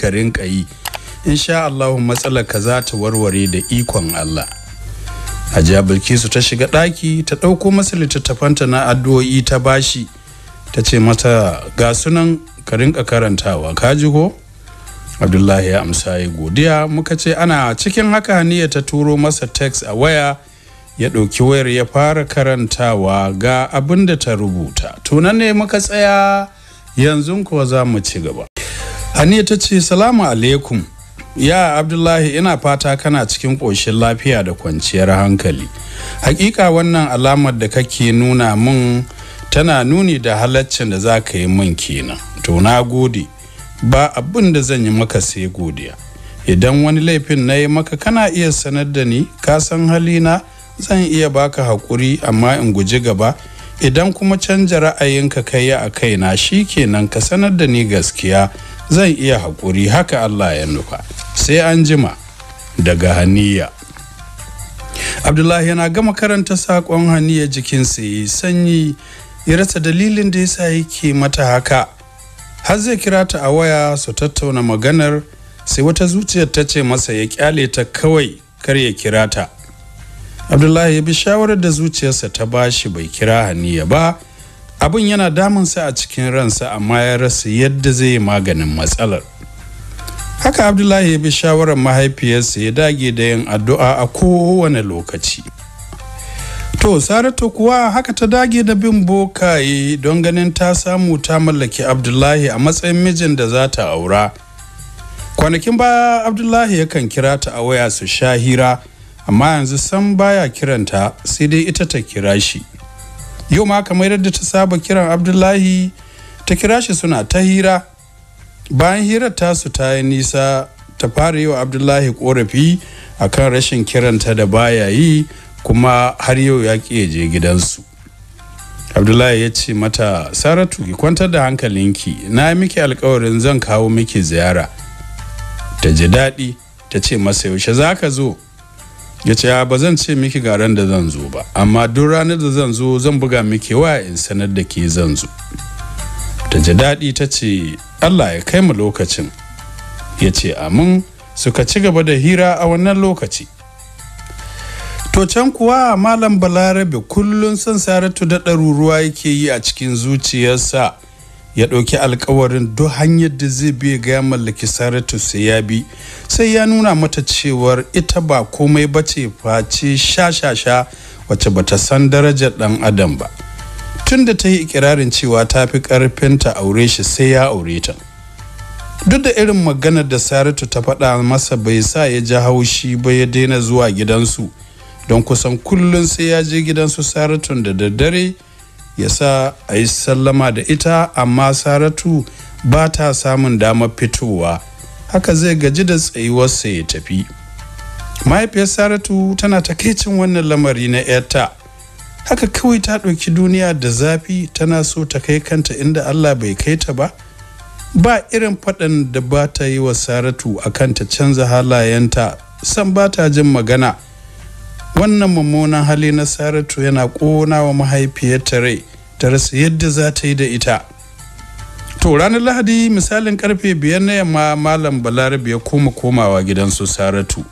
ka rinka yi insha Allah matsalar ka za ta warware da ikon Allah Hajiya Bilkisu ta shiga ɗaki ta ɗauko masa littattafanta na addu'o'i ta bashi ta ce mata ga sunan ka rinka karantawa ka ji ko Abdullahi ya amsa ya godiya muka ce ana cikin haka Haniya ta turo masa text a waya ya ɗauki wayar ya fara karantawa ga abin da ta rubuta tunan ne muka tsaya yanzu kuwa za mu ci gaba Aniya ta ce salamu alaikum ya abdullahi ina fata kana cikin ƙoshin lafiya da kwanciyar hankali hakika wannan alamar da kake nuna mun tana nuni da halaccin da za ka yi mun kenan to na gode ba abin da zan yi maka sai godiya idan wani laifin na yi maka kana iya sanar da ni ka san halina zan iya baka haƙuri amma in guji gaba idan kuma canja ra'ayinka kai a kaina shi kenan ka sanar da ni gaskiya zan iya haƙuri haka Allah ya nufa sai an jima daga haniya abdullahi yana gama karanta saƙon haniya jikinsa ya sanyi ya rasa dalilin da yasa yake mata haka har zai kira ta a waya su tattauna maganar sai wata zuciyar ta ce masa ya kyale ta kawai kar ya kira ta abdullahi ya bi shawarar da zuciyarsa ta bashi bai kira haniya ba abin yana damun sa a cikin ransa amma ya rasa yadda zai maganin matsalar haka abdullahi ya bi shawarar mahaifiyarsa ya dage da yin addu'a a kowane lokaci to saratu kuwa haka ta dage da bin bokaye don ganin ta samu ta mallaki abdullahi a matsayin mijin da za ta aura kwanakin baya abdullahi yakan kira ta a waya su sha hira amma yanzu san baya kiranta sai dai ita ta kira shi yau ma kamar yadda ta saba kiran abdullahi ta kira shi suna ta hira bayan hirar tasu ta yi nisa ta fara yi wa abdullahi korafi akan rashin kiranta da baya yi kuma har yau ya ƙi je gidansu abdullahi ya ce mata saratu ki kwantar da hankalinki na yi miki alkawarin zan kawo miki ziyara ta ji daɗi ta ce masa yaushe za ka zo ya ce ba zan ce miki ga ran da zan zo ba amma duk ranar da zan zo zan buga miki waya in sanar da ke zan zo ta ji daɗi ta ce allah ya kai mu lokacin ya ce amin suka ci gaba da hira a wannan lokaci to can kuwa malam balarabe kullum son saratu da ɗaruruwa yake yi a cikin zuciyarsa ya ɗauki alkawarin duk hanyar da zai biya ga mallaki saratu sai ya bi sai ya nuna mata cewar ita ba komai ba ce face sha-sha-sha wacce bata san darajar ɗan adam ba tun da ta yi ikirarin cewa ta fi ƙarfinta aure shi sai ya aure ta duk da irin maganar da saratu ta faɗa masa bai sa ya ji haushi ba ya daina zuwa gidansu don kusan kullum sai ya je gidansu saratun da daddare ya sa a yi sallama da ita amma saratu ba ta samun damar fitowa haka zai gaji da tsayuwarsa ya tafi mahaifiyar saratu tana takaicin wannan lamari na 'yarta haka kawai ta ɗauki duniya da zafi tana so ta kai kanta inda allah bai kai ta ba ba irin faɗan da ba ta yi wa saratu akan ta canza halayenta san ba ta jin magana wannan mummunan hali na saratu yana ƙona wa mahaifiyarta rai ta rasa yadda za ta yi da ita to ranar lahadi misalin karfe biyar na yamma malam balarabe ya koma komawa gidansu saratu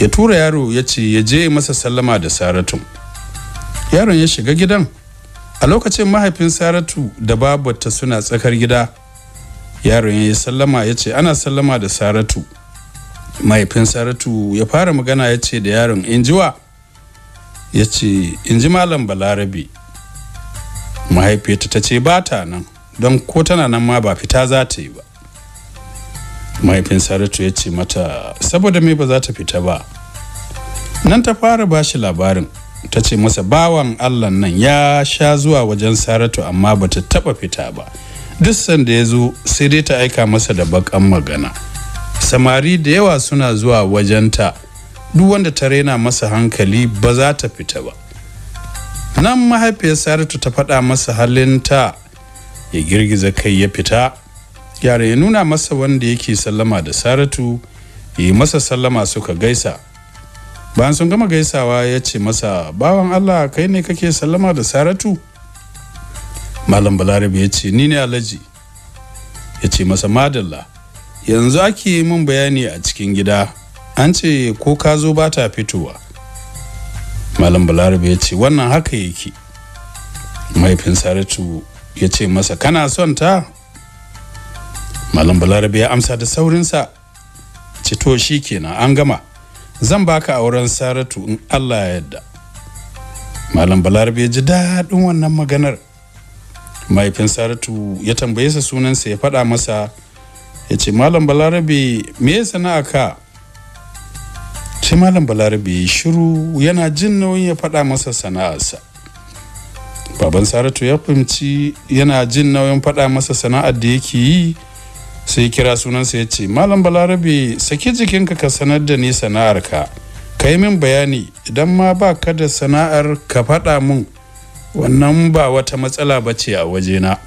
ya tura yaro ya ce ya je masa sallama da saratu yaron ya shiga gidan a lokacin mahaifin saratu da babarta suna tsakar gida yaron ya yi sallama ya ce ana sallama da saratu mahaifin saratu ya fara magana ya ce da yaron injiwa ya ce inji malam balarabe mahaifiyarta ta ce ba ta nan don ko tana nan ma ba fita za ta yi ba mahaifin saratu ya ce mata saboda me ba za ta fita ba nan ta fara ba shi labarin ta ce masa bawan allah nan ya sha zuwa wajen saratu amma ba ta taba fita ba duk sanda ya zo sai dai ta aika masa da bakan magana samari da yawa suna zuwa wajenta duk wanda ta rena masa hankali ba za ta fita ba nan mahaifiyar saratu ta faɗa masa halin ta ya girgiza kai ya fita yare ya nuna masa wanda yake sallama da saratu ya yi masa sallama suka gaisa bayan sun gama gaisawa ya ce masa bawan allah kai ne kake sallama da saratu malam balarabe ya ce ni ne alhaji ya ce masa madalla yanzu ake yi min bayani a cikin gida an ce ko ka zo ba ta fitowa malam balarabe ya ce wannan haka yake mahaifin saratu ya ce masa kana son ta malam balarabe ya amsa da saurinsa ce to shi kenan an gama zan baka auren saratu in allah ya yadda malam balarabe ya ji daɗin wannan maganar mahaifin saratu ya tambaye sa sunansa ya faɗa masa ya ce malam balarabe me ya sana'a ka sai malam balarabe ya shiru yana jin nauyin ya faɗa masa sana'arsa baban saratu ya fahimci yana jin nauyin faɗa masa sana'ar da yake yi sai kira sunansa ya ce malam balarabe saki jikinka ka sanar da ni sana'arka ka yi min bayani idan ma ba ka da sana'ar ka faɗa min wannan ba wata matsala ba ce a wajena. na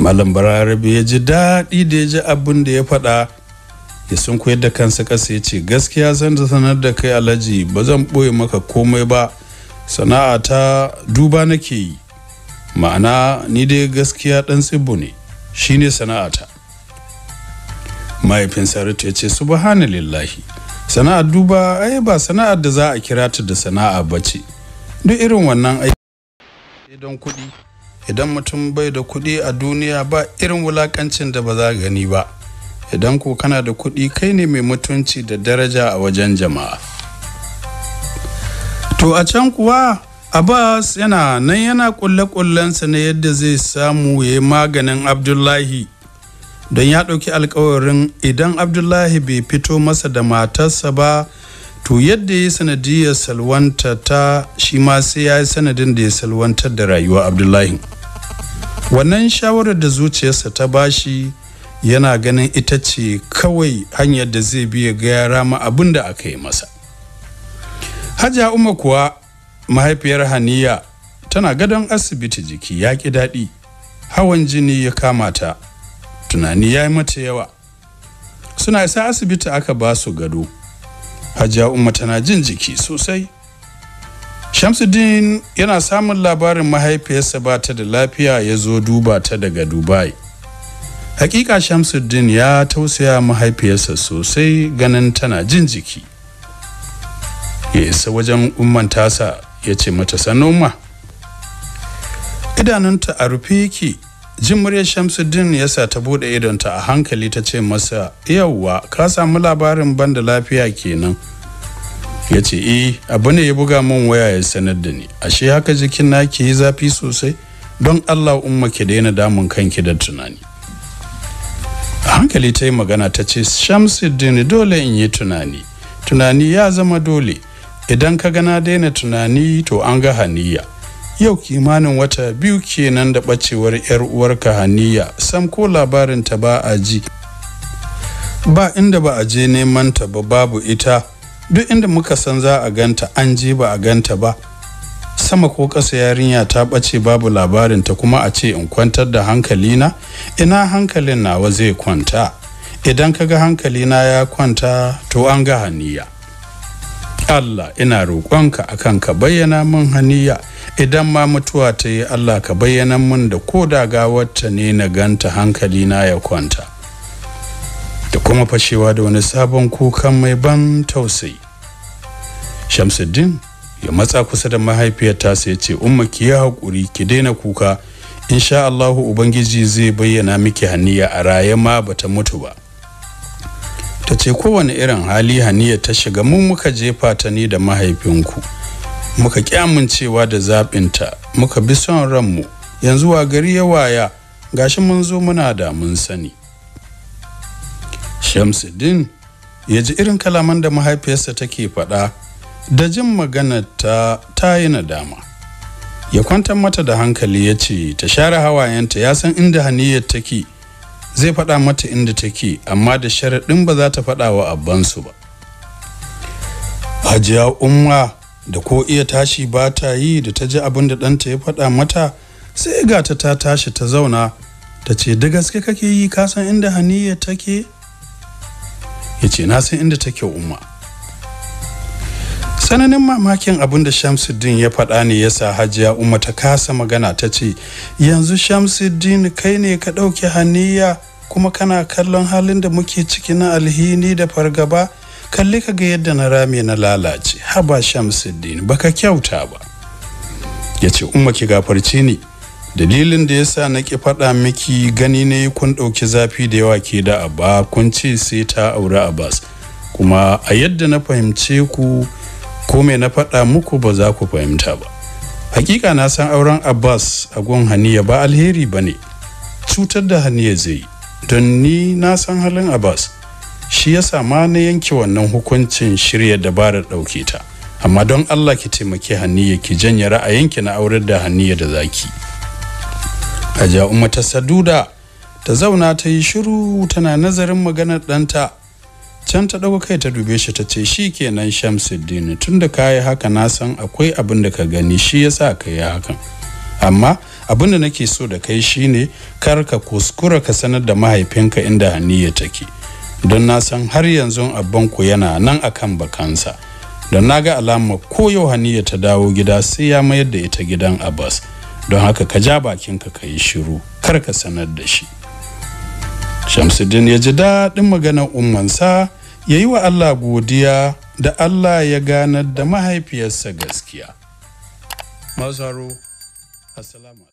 malam bararabe ya ji daɗi da ya ji abin da ya faɗa ya sun koyar da kansa kasa ya ce gaskiya zan sanar da kai alhaji ba zan ɓoye maka komai ba sana'a ta duba nake yi ma'ana ni dai gaskiya ɗan tsibbu ne shi ne sana'a ta. mahaifin saratu ya ce subhanallahi sana'a duba ai ba sana'ar da za a kira ta da sana'a ba ce duk irin wannan aiki don kuɗi idan mutum bai da kuɗi a duniya ba irin wulakancin da ba za gani ba idan ko kana da kuɗi kai ne mai mutunci da daraja a wajen jama'a to a can kuwa abbas yana nan yana kulle-kullensa na yadda zai samu ya yi maganin abdullahi don ya ɗauki alkawarin idan abdullahi bai fito masa da matarsa ba to yadda ya yi sanadiyar salwanta ta shi ma sai ya yi sanadin da ya salwantar da rayuwa abdullahi wannan shawarar da zuciyarsa ta bashi yana ganin ita ce kawai hanyar da zai biya ga ma abin da aka yi masa hajiya umma kuwa mahaifiyar haniya tana gadon asibiti jiki ya ki daɗi hawan jini ya kama ta tunani ya yi mata yawa suna isa asibiti aka ba su gado hajiya umma tana jin jiki sosai Shamsuddin yana samun labarin mahaifiyarsa ba ta da lafiya ya zo duba ta daga Dubai. Hakika Shamsuddin ya tausaya mahaifiyarsa sosai ganin tana jin jiki. Ya isa wajen umman tasa ya ce mata sanoma. Idanunta a rufe yake jin muryar Shamsuddin ya sa ta bude idonta a hankali ta ce masa yauwa ka samu labarin banda lafiya kenan. ya ce eh abu ne ya buga min waya ya sanar da ni ashe haka jikin na ke yi zafi sosai don allah umma ki daina damun kanki da tunani a hankali ta yi magana ta ce shamsuddin dole in yi tunani tunani ya zama dole idan ka gana daina tunani to an ga haniya yau kimanin wata biyu kenan da bacewar yar uwarka haniya sam ko labarin ta ba a ji ba inda ba a je neman ta ba babu ita duk inda muka san za a ganta an je ba a ganta ba sama ko ƙasa yarinya ta ɓace babu labarin ta kuma a ce in kwantar da hankalina ina hankalin nawa zai kwanta idan ka kaga hankalina ya kwanta to an ga haniya Allah ina roƙonka akan ka bayyana min haniya idan ma mutuwa ta yi Allah ka bayyana mun da ko da gawarta ne na ganta hankalina ya kwanta da kuma fashewa da wani sabon kukan mai ban tausayi shamsuddin ya matsa kusa da mahaifiyar sai ya ce umma ki yi hakuri ki daina kuka insha Allahu ubangiji zai bayyana miki haniya a raye ma bata mutu ba ta ce kowane irin hali haniya ta shiga mun muka jefa ta ni da mahaifinku muka cewa da zabinta muka bi son ran mu yanzu wa gari ya waya gashi mun zo muna da mun sani shamsuddin ya ji irin kalaman da mahaifiyarsa take faɗa da jin maganar ta ta yi nadama ya kwantar mata da hankali ya ce ta share hawayenta ya san inda haniyar take zai faɗa mata inda take amma da sharaɗin ba za ta faɗa wa abbansu ba hajiya umma da ko iya tashi ba ta yi da ta ji abin da ɗanta ya faɗa mata sai ga ta tashi ta zauna ta ce da gaske kake yi ka san inda haniyar take ya ce na san inda take umma tsananin mamakin abin da shamsuddin ya faɗa ne yasa hajiya umma ta kasa magana ta ce yanzu shamsuddin kai ne ka ɗauki haniya kuma kana kallon halin da muke ciki na alhini da fargaba kalli ka ga yadda na rame na lalace haba shamsuddin baka kyauta ba ya ce umma ki gafarci ni dalilin da yasa na ki faɗa miki gani ne kun ɗauki zafi da yawa ke da abba kun ce sai ta aure abbas kuma a yadda na fahimce ku ko me na faɗa muku ba za ku fahimta ba hakika na san auren abbas a gun haniya ba alheri ba ne cutar da haniya zai don ni na san halin abbas shi ya sama na yanke wannan hukuncin shirya dabarar ɗauke ta amma don allah ki taimaki haniya ki janye ra'ayinki na aurar da haniya da zaki a ja ta saduda ta zauna ta yi shiru tana nazarin maganar ɗanta can ta ɗago kai ta dube shi ta ce shi kenan shamsuddin tun da ka haka na san akwai abin da ka gani shi yasa ka yi hakan amma abin da nake so da kai shine kar ka kuskura ka sanar da mahaifinka inda ta take don na san har yanzu abbanku yana nan akan bakansa don na ga alama ko yau haniya ta dawo gida sai ya mayar da ita gidan abbas don haka ka ja bakinka ka yi shiru kar ka sanar da shi shamsuddin ya ji daɗin maganar ummansa ya yi wa allah godiya da allah ya ganar da mahaifiyarsa gaskiya masu haro